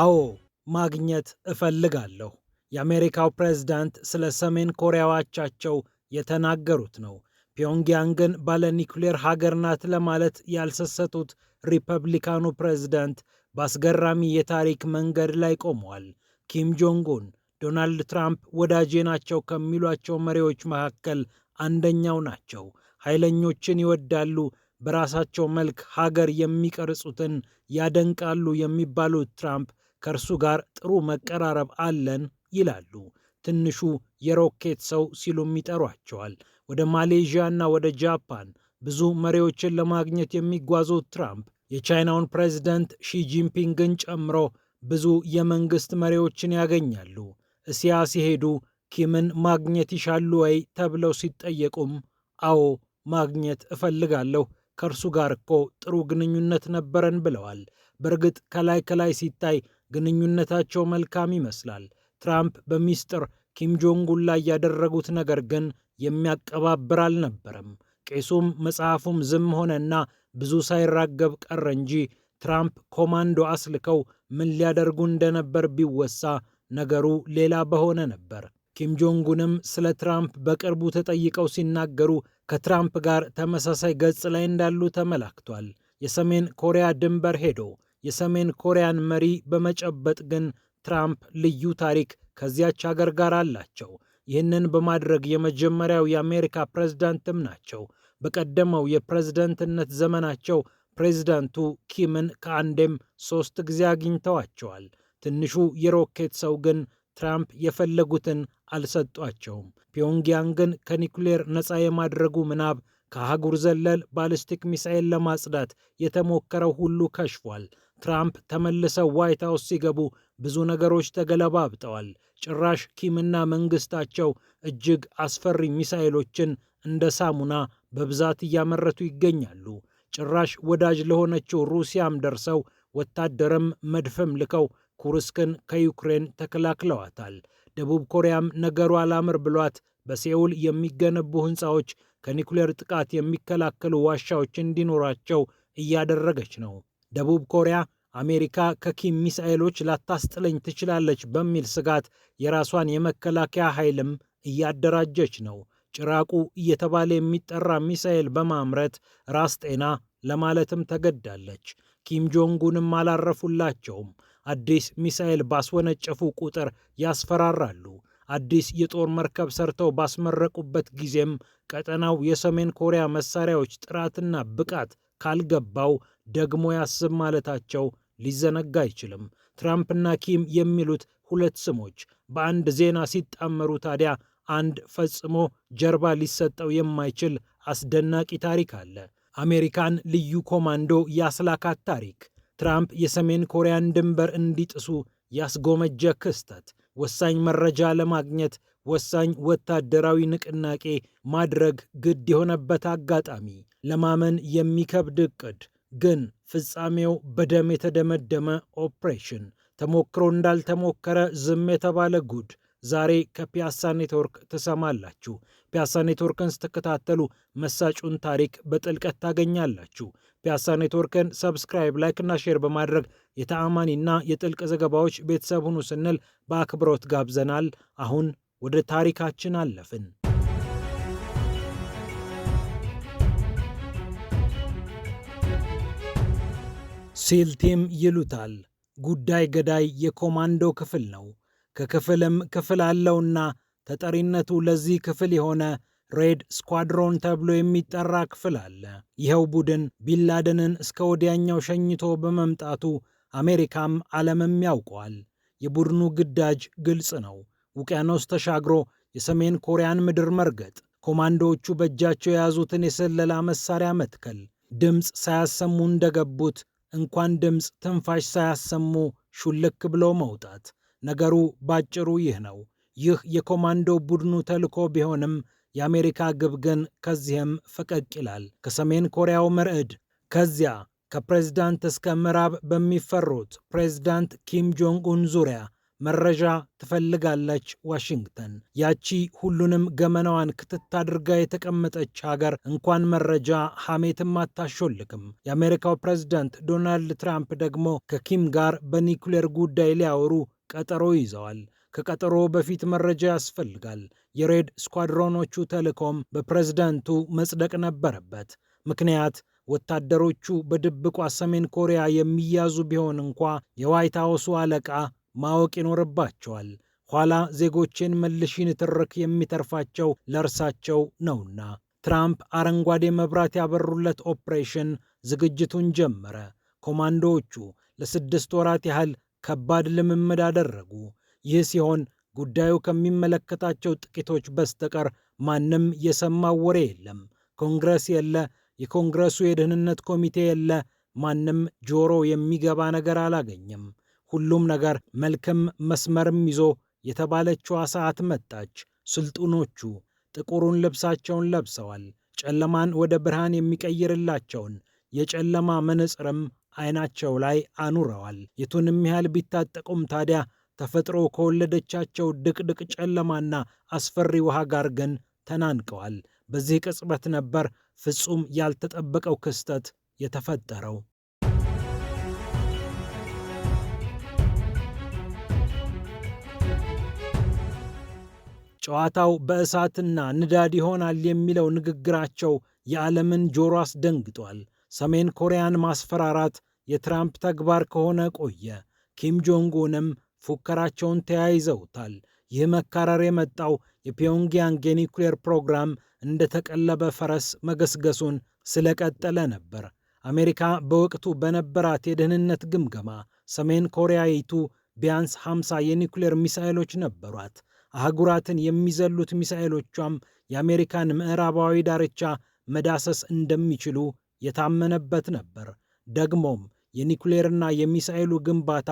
አዎ ማግኘት እፈልጋለሁ። የአሜሪካው ፕሬዝዳንት ስለ ሰሜን ኮሪያዎቻቸው የተናገሩት ነው። ፒዮንግያንግን ባለ ኒኩሌር ሀገር ናት ለማለት ያልሰሰቱት ሪፐብሊካኑ ፕሬዝዳንት በአስገራሚ የታሪክ መንገድ ላይ ቆመዋል። ኪም ጆንግ ኡን ዶናልድ ትራምፕ ወዳጄ ናቸው ከሚሏቸው መሪዎች መካከል አንደኛው ናቸው። ኃይለኞችን ይወዳሉ፣ በራሳቸው መልክ ሀገር የሚቀርጹትን ያደንቃሉ የሚባሉት ትራምፕ ከእርሱ ጋር ጥሩ መቀራረብ አለን ይላሉ። ትንሹ የሮኬት ሰው ሲሉም ይጠሯቸዋል። ወደ ማሌዥያ እና ወደ ጃፓን ብዙ መሪዎችን ለማግኘት የሚጓዙት ትራምፕ የቻይናውን ፕሬዚደንት ሺጂንፒንግን ጨምሮ ብዙ የመንግስት መሪዎችን ያገኛሉ። እስያ ሲሄዱ ኪምን ማግኘት ይሻሉ ወይ ተብለው ሲጠየቁም አዎ ማግኘት እፈልጋለሁ፣ ከእርሱ ጋር እኮ ጥሩ ግንኙነት ነበረን ብለዋል። በእርግጥ ከላይ ከላይ ሲታይ ግንኙነታቸው መልካም ይመስላል። ትራምፕ በሚስጥር ኪም ጆንግ ኡን ላይ ያደረጉት ነገር ግን የሚያቀባብር አልነበረም። ቄሱም መጽሐፉም ዝም ሆነና ብዙ ሳይራገብ ቀረ እንጂ ትራምፕ ኮማንዶ አስልከው ምን ሊያደርጉ እንደነበር ቢወሳ ነገሩ ሌላ በሆነ ነበር። ኪም ጆንጉንም ስለ ትራምፕ በቅርቡ ተጠይቀው ሲናገሩ ከትራምፕ ጋር ተመሳሳይ ገጽ ላይ እንዳሉ ተመላክቷል። የሰሜን ኮሪያ ድንበር ሄዶ የሰሜን ኮሪያን መሪ በመጨበጥ ግን ትራምፕ ልዩ ታሪክ ከዚያች ሀገር ጋር አላቸው። ይህንን በማድረግ የመጀመሪያው የአሜሪካ ፕሬዝዳንትም ናቸው። በቀደመው የፕሬዝዳንትነት ዘመናቸው ፕሬዝዳንቱ ኪምን ከአንዴም ሶስት ጊዜ አግኝተዋቸዋል። ትንሹ የሮኬት ሰው ግን ትራምፕ የፈለጉትን አልሰጧቸውም። ፒዮንግያንግን ከኒኩሌር ነፃ የማድረጉ ምናብ ከአህጉር ዘለል ባሊስቲክ ሚሳኤል ለማጽዳት የተሞከረው ሁሉ ከሽፏል። ትራምፕ ተመልሰው ዋይት ሀውስ ሲገቡ ብዙ ነገሮች ተገለባብጠዋል። ጭራሽ ኪምና መንግስታቸው እጅግ አስፈሪ ሚሳይሎችን እንደ ሳሙና በብዛት እያመረቱ ይገኛሉ። ጭራሽ ወዳጅ ለሆነችው ሩሲያም ደርሰው ወታደርም መድፍም ልከው ኩርስክን ከዩክሬን ተከላክለዋታል። ደቡብ ኮሪያም ነገሩ አላምር ብሏት በሴውል የሚገነቡ ሕንፃዎች ከኒኩሌር ጥቃት የሚከላከሉ ዋሻዎች እንዲኖራቸው እያደረገች ነው። ደቡብ ኮሪያ አሜሪካ ከኪም ሚሳኤሎች ላታስጥለኝ ትችላለች በሚል ስጋት የራሷን የመከላከያ ኃይልም እያደራጀች ነው። ጭራቁ እየተባለ የሚጠራ ሚሳኤል በማምረት ራስ ጤና ለማለትም ተገዳለች። ኪም ጆንጉንም አላረፉላቸውም። አዲስ ሚሳኤል ባስወነጨፉ ቁጥር ያስፈራራሉ። አዲስ የጦር መርከብ ሰርተው ባስመረቁበት ጊዜም ቀጠናው የሰሜን ኮሪያ መሳሪያዎች ጥራትና ብቃት ካልገባው ደግሞ ያስብ ማለታቸው ሊዘነጋ አይችልም። ትራምፕና ኪም የሚሉት ሁለት ስሞች በአንድ ዜና ሲጣመሩ ታዲያ አንድ ፈጽሞ ጀርባ ሊሰጠው የማይችል አስደናቂ ታሪክ አለ። አሜሪካን ልዩ ኮማንዶ ያስላካት ታሪክ፣ ትራምፕ የሰሜን ኮሪያን ድንበር እንዲጥሱ ያስጎመጀ ክስተት፣ ወሳኝ መረጃ ለማግኘት ወሳኝ ወታደራዊ ንቅናቄ ማድረግ ግድ የሆነበት አጋጣሚ፣ ለማመን የሚከብድ ዕቅድ ግን ፍጻሜው በደም የተደመደመ ኦፕሬሽን፣ ተሞክሮ እንዳልተሞከረ ዝም የተባለ ጉድ ዛሬ ከፒያሳ ኔትወርክ ትሰማላችሁ። ፒያሳ ኔትወርክን ስትከታተሉ መሳጩን ታሪክ በጥልቀት ታገኛላችሁ። ፒያሳ ኔትወርክን ሰብስክራይብ፣ ላይክ እና ሼር በማድረግ የተአማኒና የጥልቅ ዘገባዎች ቤተሰብ ሁኑ ስንል በአክብሮት ጋብዘናል። አሁን ወደ ታሪካችን አለፍን። ሴልቴም ይሉታል። ጉዳይ ገዳይ የኮማንዶ ክፍል ነው። ከክፍልም ክፍል አለውና ተጠሪነቱ ለዚህ ክፍል የሆነ ሬድ ስኳድሮን ተብሎ የሚጠራ ክፍል አለ። ይኸው ቡድን ቢንላደንን እስከ ወዲያኛው ሸኝቶ በመምጣቱ አሜሪካም ዓለምም ያውቀዋል። የቡድኑ ግዳጅ ግልጽ ነው። ውቅያኖስ ተሻግሮ የሰሜን ኮሪያን ምድር መርገጥ፣ ኮማንዶዎቹ በእጃቸው የያዙትን የስለላ መሳሪያ መትከል፣ ድምፅ ሳያሰሙ እንደገቡት እንኳን ድምፅ ትንፋሽ ሳያሰሙ ሹልክ ብሎ መውጣት። ነገሩ ባጭሩ ይህ ነው። ይህ የኮማንዶ ቡድኑ ተልዕኮ ቢሆንም የአሜሪካ ግብ ግን ከዚህም ፈቀቅ ይላል። ከሰሜን ኮሪያው መርዕድ ከዚያ ከፕሬዝዳንት እስከ ምዕራብ በሚፈሩት ፕሬዝዳንት ኪም ጆንግ ኡን ዙሪያ መረጃ ትፈልጋለች ዋሽንግተን። ያቺ ሁሉንም ገመናዋን ክትት አድርጋ የተቀመጠች ሀገር እንኳን መረጃ ሐሜትም አታሾልክም። የአሜሪካው ፕሬዝዳንት ዶናልድ ትራምፕ ደግሞ ከኪም ጋር በኒውክሌር ጉዳይ ሊያወሩ ቀጠሮ ይዘዋል። ከቀጠሮ በፊት መረጃ ያስፈልጋል። የሬድ ስኳድሮኖቹ ተልእኮም በፕሬዝዳንቱ መጽደቅ ነበረበት። ምክንያት ወታደሮቹ በድብቋ ሰሜን ኮሪያ የሚያዙ ቢሆን እንኳ የዋይት ሀውሱ አለቃ ማወቅ ይኖርባቸዋል። ኋላ ዜጎችን መልሽን ትርክ የሚተርፋቸው ለእርሳቸው ነውና። ትራምፕ አረንጓዴ መብራት ያበሩለት ኦፕሬሽን ዝግጅቱን ጀመረ። ኮማንዶዎቹ ለስድስት ወራት ያህል ከባድ ልምምድ አደረጉ። ይህ ሲሆን ጉዳዩ ከሚመለከታቸው ጥቂቶች በስተቀር ማንም የሰማው ወሬ የለም። ኮንግረስ የለ፣ የኮንግረሱ የደህንነት ኮሚቴ የለ፣ ማንም ጆሮ የሚገባ ነገር አላገኘም። ሁሉም ነገር መልክም መስመርም ይዞ የተባለችዋ ሰዓት መጣች። ስልጡኖቹ ጥቁሩን ልብሳቸውን ለብሰዋል። ጨለማን ወደ ብርሃን የሚቀይርላቸውን የጨለማ መነጽርም አይናቸው ላይ አኑረዋል። የቱንም ያህል ቢታጠቁም ታዲያ ተፈጥሮ ከወለደቻቸው ድቅድቅ ጨለማና አስፈሪ ውሃ ጋር ግን ተናንቀዋል። በዚህ ቅጽበት ነበር ፍጹም ያልተጠበቀው ክስተት የተፈጠረው። ጨዋታው በእሳትና ንዳድ ይሆናል የሚለው ንግግራቸው የዓለምን ጆሮ አስደንግጧል። ሰሜን ኮሪያን ማስፈራራት የትራምፕ ተግባር ከሆነ ቆየ። ኪም ጆንግ ኡንም ፉከራቸውን ተያይዘውታል። ይህ መካረር የመጣው የፒዮንግያንግ የኒውክሌር ፕሮግራም እንደተቀለበ ፈረስ መገስገሱን ስለቀጠለ ነበር። አሜሪካ በወቅቱ በነበራት የደህንነት ግምገማ ሰሜን ኮሪያዊቱ ቢያንስ 50 የኒውክሌር ሚሳይሎች ነበሯት። አህጉራትን የሚዘሉት ሚሳይሎቿም የአሜሪካን ምዕራባዊ ዳርቻ መዳሰስ እንደሚችሉ የታመነበት ነበር። ደግሞም የኒውክሌርና የሚሳይሉ ግንባታ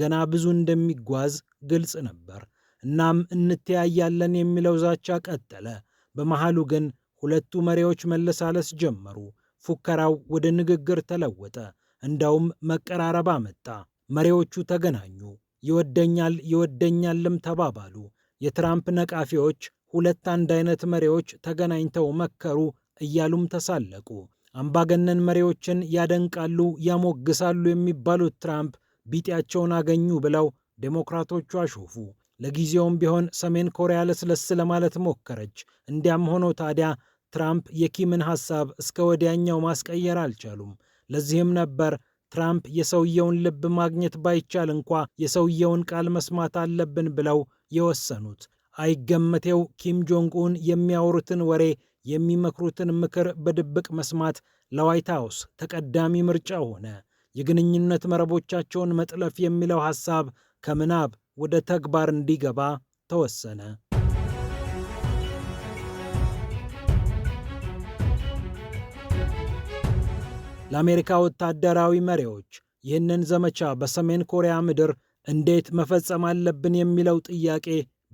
ገና ብዙ እንደሚጓዝ ግልጽ ነበር። እናም እንተያያለን የሚለው ዛቻ ቀጠለ። በመሃሉ ግን ሁለቱ መሪዎች መለሳለስ ጀመሩ። ፉከራው ወደ ንግግር ተለወጠ፣ እንደውም መቀራረብ አመጣ። መሪዎቹ ተገናኙ፣ ይወደኛል ይወደኛልም ተባባሉ። የትራምፕ ነቃፊዎች ሁለት አንድ አይነት መሪዎች ተገናኝተው መከሩ እያሉም ተሳለቁ። አምባገነን መሪዎችን ያደንቃሉ፣ ያሞግሳሉ የሚባሉት ትራምፕ ቢጤያቸውን አገኙ ብለው ዴሞክራቶቹ አሾፉ። ለጊዜውም ቢሆን ሰሜን ኮሪያ ለስለስ ለማለት ሞከረች። እንዲያም ሆኖ ታዲያ ትራምፕ የኪምን ሐሳብ እስከ ወዲያኛው ማስቀየር አልቻሉም። ለዚህም ነበር ትራምፕ የሰውየውን ልብ ማግኘት ባይቻል እንኳ የሰውየውን ቃል መስማት አለብን ብለው የወሰኑት አይገመቴው ኪም ጆንግ ኡን የሚያወሩትን ወሬ የሚመክሩትን ምክር በድብቅ መስማት ለዋይት ሃውስ ተቀዳሚ ምርጫ ሆነ። የግንኙነት መረቦቻቸውን መጥለፍ የሚለው ሐሳብ ከምናብ ወደ ተግባር እንዲገባ ተወሰነ። ለአሜሪካ ወታደራዊ መሪዎች ይህንን ዘመቻ በሰሜን ኮሪያ ምድር እንዴት መፈጸም አለብን የሚለው ጥያቄ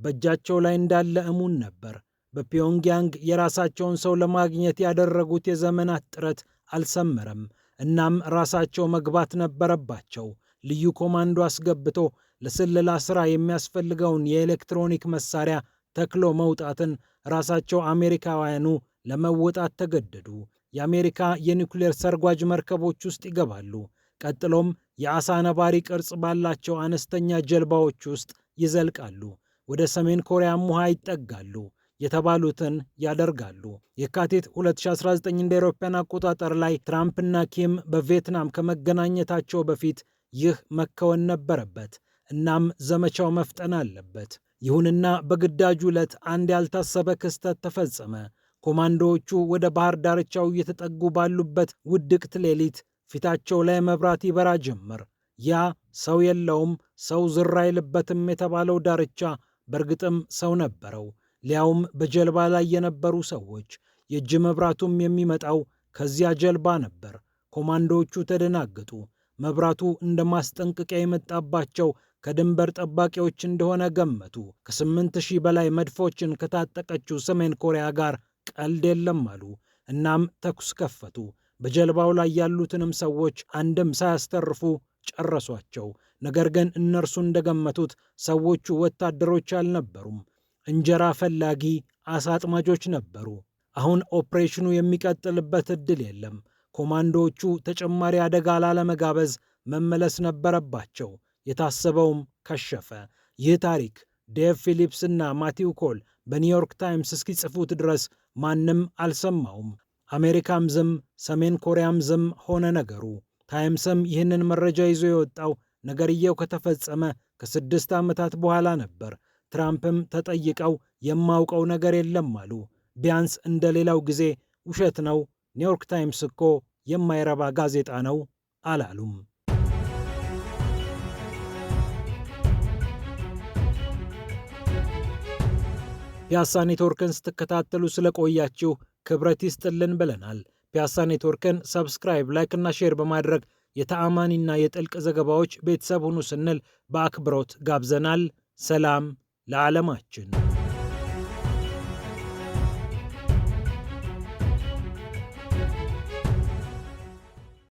በእጃቸው ላይ እንዳለ እሙን ነበር። በፒዮንግያንግ የራሳቸውን ሰው ለማግኘት ያደረጉት የዘመናት ጥረት አልሰመረም። እናም ራሳቸው መግባት ነበረባቸው። ልዩ ኮማንዶ አስገብቶ ለስለላ ሥራ የሚያስፈልገውን የኤሌክትሮኒክ መሳሪያ ተክሎ መውጣትን ራሳቸው አሜሪካውያኑ ለመወጣት ተገደዱ። የአሜሪካ የኒውክሌር ሰርጓጅ መርከቦች ውስጥ ይገባሉ። ቀጥሎም የአሳ ነባሪ ቅርጽ ባላቸው አነስተኛ ጀልባዎች ውስጥ ይዘልቃሉ። ወደ ሰሜን ኮሪያ ውሃ ይጠጋሉ የተባሉትን ያደርጋሉ። የካቲት 2019 እንደ አውሮፓውያን አቆጣጠር ላይ ትራምፕና ኪም በቪየትናም ከመገናኘታቸው በፊት ይህ መከወን ነበረበት። እናም ዘመቻው መፍጠን አለበት። ይሁንና በግዳጁ ዕለት አንድ ያልታሰበ ክስተት ተፈጸመ። ኮማንዶዎቹ ወደ ባህር ዳርቻው እየተጠጉ ባሉበት ውድቅት ሌሊት ፊታቸው ላይ መብራት ይበራ ጀመር። ያ ሰው የለውም ሰው ዝር አይልበትም የተባለው ዳርቻ በእርግጥም ሰው ነበረው፣ ሊያውም በጀልባ ላይ የነበሩ ሰዎች። የእጅ መብራቱም የሚመጣው ከዚያ ጀልባ ነበር። ኮማንዶዎቹ ተደናገጡ። መብራቱ እንደ ማስጠንቀቂያ የመጣባቸው ከድንበር ጠባቂዎች እንደሆነ ገመቱ። ከስምንት ሺህ በላይ መድፎችን ከታጠቀችው ሰሜን ኮሪያ ጋር ቀልድ የለም አሉ። እናም ተኩስ ከፈቱ። በጀልባው ላይ ያሉትንም ሰዎች አንድም ሳያስተርፉ ጨረሷቸው። ነገር ግን እነርሱ እንደገመቱት ሰዎቹ ወታደሮች አልነበሩም፣ እንጀራ ፈላጊ አሳ አጥማጆች ነበሩ። አሁን ኦፕሬሽኑ የሚቀጥልበት ዕድል የለም። ኮማንዶዎቹ ተጨማሪ አደጋ ላለመጋበዝ መመለስ ነበረባቸው። የታሰበውም ከሸፈ። ይህ ታሪክ ዴቭ ፊሊፕስ እና ማቲው ኮል በኒውዮርክ ታይምስ እስኪጽፉት ድረስ ማንም አልሰማውም። አሜሪካም ዝም፣ ሰሜን ኮሪያም ዝም ሆነ ነገሩ። ታይምስም ይህንን መረጃ ይዞ የወጣው ነገርየው ከተፈጸመ ከስድስት ዓመታት በኋላ ነበር። ትራምፕም ተጠይቀው የማውቀው ነገር የለም አሉ። ቢያንስ እንደ ሌላው ጊዜ ውሸት ነው፣ ኒውዮርክ ታይምስ እኮ የማይረባ ጋዜጣ ነው አላሉም። ፒያሳ ኔትወርክን ስትከታተሉ ስለቆያችሁ ክብረት ይስጥልን ብለናል። ፒያሳ ኔትወርክን ሰብስክራይብ፣ ላይክና ሼር በማድረግ የተአማኒና የጥልቅ ዘገባዎች ቤተሰብ ሁኑ ስንል በአክብሮት ጋብዘናል። ሰላም ለዓለማችን።